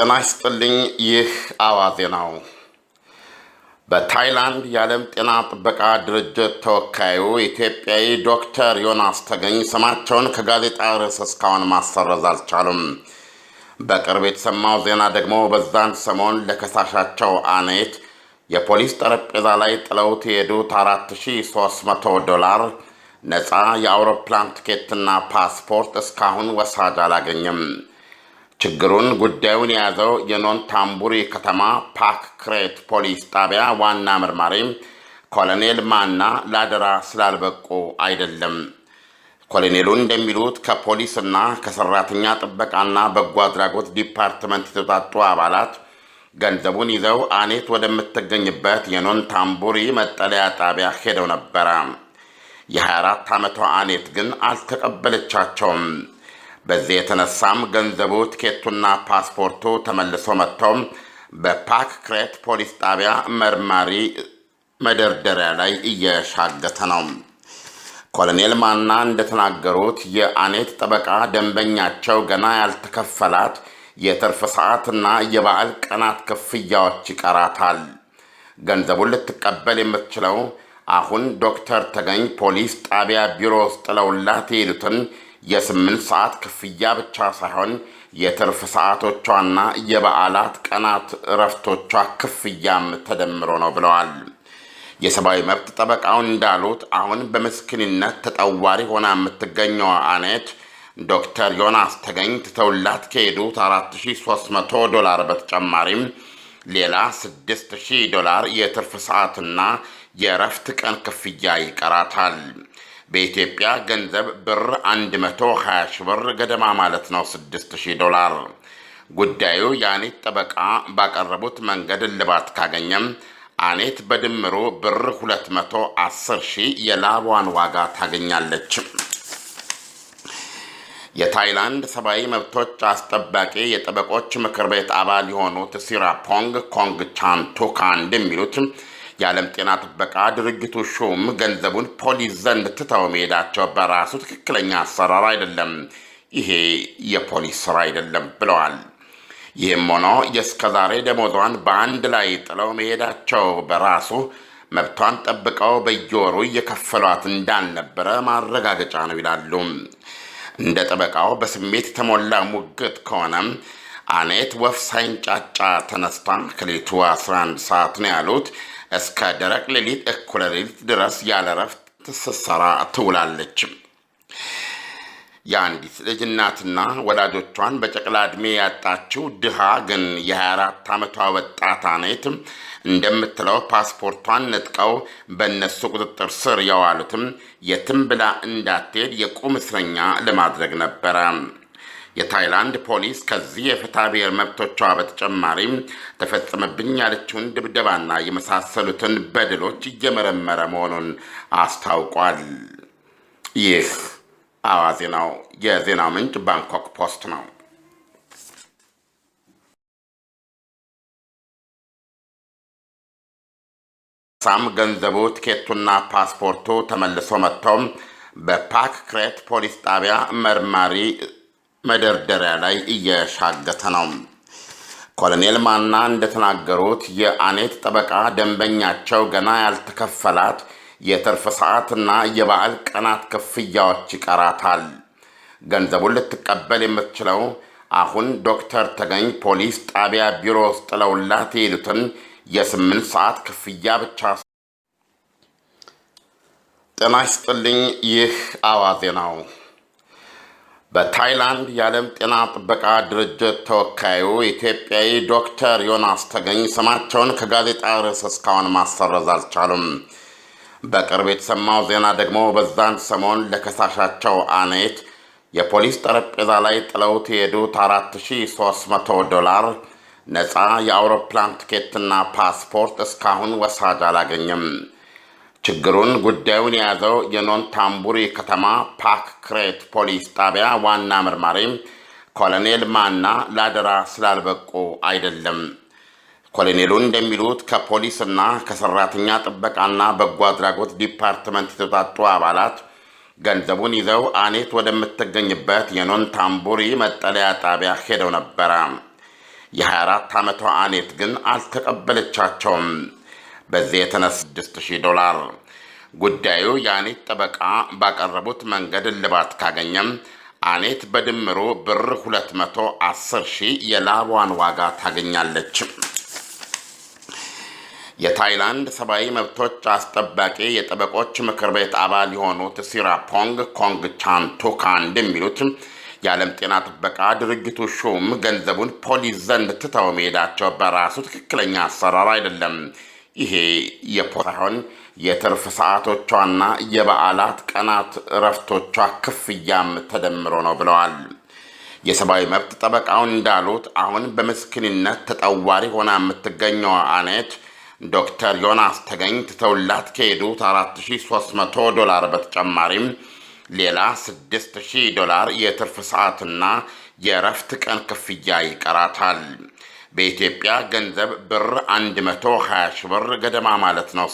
ጤና ይስጥልኝ። ይህ አዋዜ ነው። በታይላንድ የዓለም ጤና ጥበቃ ድርጅት ተወካዩ ኢትዮጵያዊ ዶክተር ዮናስ ተገኝ ስማቸውን ከጋዜጣ ርዕስ እስካሁን ማሰረዝ አልቻሉም። በቅርብ የተሰማው ዜና ደግሞ በዛን ሰሞን ለከሳሻቸው አኔት የፖሊስ ጠረጴዛ ላይ ጥለውት የሄዱት 4300 ዶላር ነፃ የአውሮፕላን ትኬትና ፓስፖርት እስካሁን ወሳጅ አላገኝም። ችግሩን ጉዳዩን የያዘው የኖን ታምቡሪ ከተማ ፓክ ክሬት ፖሊስ ጣቢያ ዋና መርማሪ ኮሎኔል ማና ላደራ ስላልበቁ አይደለም። ኮሎኔሉ እንደሚሉት ከፖሊስና ከሰራተኛ ጥበቃና በጎ አድራጎት ዲፓርትመንት የተውጣጡ አባላት ገንዘቡን ይዘው አኔት ወደምትገኝበት የኖን ታምቡሪ መጠለያ ጣቢያ ሄደው ነበረ። የ24 ዓመቷ አኔት ግን አልተቀበለቻቸውም። በዚህ የተነሳም ገንዘቡ፣ ቲኬቱና ፓስፖርቱ ተመልሶ መጥቶም በፓክ ክሬት ፖሊስ ጣቢያ መርማሪ መደርደሪያ ላይ እየሻገተ ነው። ኮሎኔል ማና እንደተናገሩት የአኔት ጠበቃ ደንበኛቸው ገና ያልተከፈላት የትርፍ ሰዓትና የበዓል ቀናት ክፍያዎች ይቀራታል። ገንዘቡን ልትቀበል የምትችለው አሁን ዶክተር ተገኝ ፖሊስ ጣቢያ ቢሮ ውስጥ ለውላት የሄዱትን የስምንት ሰዓት ክፍያ ብቻ ሳይሆን የትርፍ ሰዓቶቿና የበዓላት ቀናት እረፍቶቿ ክፍያም ተደምሮ ነው ብለዋል። የሰብአዊ መብት ጠበቃው እንዳሉት አሁን በምስኪንነት ተጠዋሪ ሆና የምትገኘው አኔት ዶክተር ዮናስ ተገኝ ትተውላት ከሄዱት 4300 ዶላር በተጨማሪም ሌላ 6000 ዶላር የትርፍ ሰዓትና የእረፍት ቀን ክፍያ ይቀራታል። በኢትዮጵያ ገንዘብ ብር 120 ሺህ ብር ገደማ ማለት ነው 6000 ዶላር። ጉዳዩ የአኔት ጠበቃ ባቀረቡት መንገድ እልባት ካገኘም አኔት በድምሩ ብር 210 ሺህ የላቧን ዋጋ ታገኛለች። የታይላንድ ሰብአዊ መብቶች አስጠባቂ የጠበቆች ምክር ቤት አባል የሆኑት ሲራፖንግ ኮንግ ቻንቱካ እንደሚሉት የዓለም ጤና ጥበቃ ድርጅቱ ሹም ገንዘቡን ፖሊስ ዘንድ ትተው መሄዳቸው በራሱ ትክክለኛ አሰራር አይደለም፣ ይሄ የፖሊስ ስራ አይደለም ብለዋል። ይህም ሆኖ የእስከዛሬ ደሞዟን በአንድ ላይ ጥለው መሄዳቸው በራሱ መብቷን ጠብቀው በየወሩ እየከፈሏት እንዳልነበረ ማረጋገጫ ነው ይላሉ። እንደ ጠበቃው በስሜት የተሞላ ሙግት ከሆነም አኔት ወፍ ሳይንጫጫ ተነስታ ከሌቱ 11 ሰዓት ነው ያሉት እስከ ደረቅ ሌሊት፣ እኩለ ሌሊት ድረስ ያለ ረፍት ስትሰራ ትውላለች። የአንዲት ልጅ እናትና ወላጆቿን በጨቅላ ዕድሜ ያጣችው ድሃ ግን የ24 ዓመቷ ወጣት አናይት እንደምትለው ፓስፖርቷን ነጥቀው በእነሱ ቁጥጥር ስር የዋሉትም የትም ብላ እንዳትሄድ የቁም እስረኛ ለማድረግ ነበረ። የታይላንድ ፖሊስ ከዚህ የፍትሐ ብሔር መብቶቿ በተጨማሪም ተፈጸመብኝ ያለችውን ድብደባና የመሳሰሉትን በድሎች እየመረመረ መሆኑን አስታውቋል። ይህ አዋዜ ነው። የዜናው ምንጭ ባንኮክ ፖስት ነው። ሳም ገንዘቡ፣ ቲኬቱና ፓስፖርቱ ተመልሶ መጥቶም በፓክ ክሬት ፖሊስ ጣቢያ መርማሪ መደርደሪያ ላይ እየሻገተ ነው። ኮሎኔል ማና እንደተናገሩት የአኔት ጠበቃ ደንበኛቸው ገና ያልተከፈላት የትርፍ ሰዓትና የበዓል ቀናት ክፍያዎች ይቀራታል። ገንዘቡን ልትቀበል የምትችለው አሁን ዶክተር ተገኝ ፖሊስ ጣቢያ ቢሮ ውስጥ ጥለውላት የሄዱትን የስምንት ሰዓት ክፍያ ብቻ። ጤና ይስጥልኝ። ይህ አዋዜ ነው። በታይላንድ የዓለም ጤና ጥበቃ ድርጅት ተወካዩ ኢትዮጵያዊ ዶክተር ዮናስ ተገኝ ስማቸውን ከጋዜጣ ርዕስ እስካሁን ማሰረዝ አልቻሉም። በቅርብ የተሰማው ዜና ደግሞ በዛን ሰሞን ለከሳሻቸው አኔት የፖሊስ ጠረጴዛ ላይ ጥለውት የሄዱት 4300 ዶላር ነፃ የአውሮፕላን ትኬትና ፓስፖርት እስካሁን ወሳጅ አላገኘም። ችግሩን ጉዳዩን የያዘው የኖን ታምቡሪ ከተማ ፓክ ክሬት ፖሊስ ጣቢያ ዋና መርማሪ ኮሎኔል ማና ላደራ ስላልበቁ አይደለም። ኮሎኔሉ እንደሚሉት ከፖሊስና ከሰራተኛ ጥበቃና በጎ አድራጎት ዲፓርትመንት የተውጣጡ አባላት ገንዘቡን ይዘው አኔት ወደምትገኝበት የኖን ታምቡሪ መጠለያ ጣቢያ ሄደው ነበረ። የ24 ዓመቷ አኔት ግን አልተቀበለቻቸውም። በዚህ የተነሳ 6000 ዶላር ጉዳዩ የአኔት ጠበቃ ባቀረቡት መንገድ እልባት ካገኘም አኔት በድምሩ ብር 210 ሺህ የላቧን ዋጋ ታገኛለች። የታይላንድ ሰብአዊ መብቶች አስጠባቂ የጠበቆች ምክር ቤት አባል የሆኑት ሲራፖንግ ኮንግ ቻንቱካ እንደሚሉት የዓለም ጤና ጥበቃ ድርጅቱ ሹም ገንዘቡን ፖሊስ ዘንድ ትተው መሄዳቸው በራሱ ትክክለኛ አሰራር አይደለም። ይሄ የፖሳሆን የትርፍ ሰዓቶቿና የበዓላት ቀናት እረፍቶቿ ክፍያም ተደምሮ ነው ብለዋል። የሰብአዊ መብት ጠበቃውን እንዳሉት አሁን በምስኪንነት ተጠዋሪ ሆና የምትገኘው አኔት ዶክተር ዮናስ ተገኝ ትተውላት ከሄዱት 4300 ዶላር በተጨማሪም ሌላ 6000 ዶላር የትርፍ ሰዓትና የእረፍት ቀን ክፍያ ይቀራታል። በኢትዮጵያ ገንዘብ ብር 120 ሺህ ብር ገደማ ማለት ነው።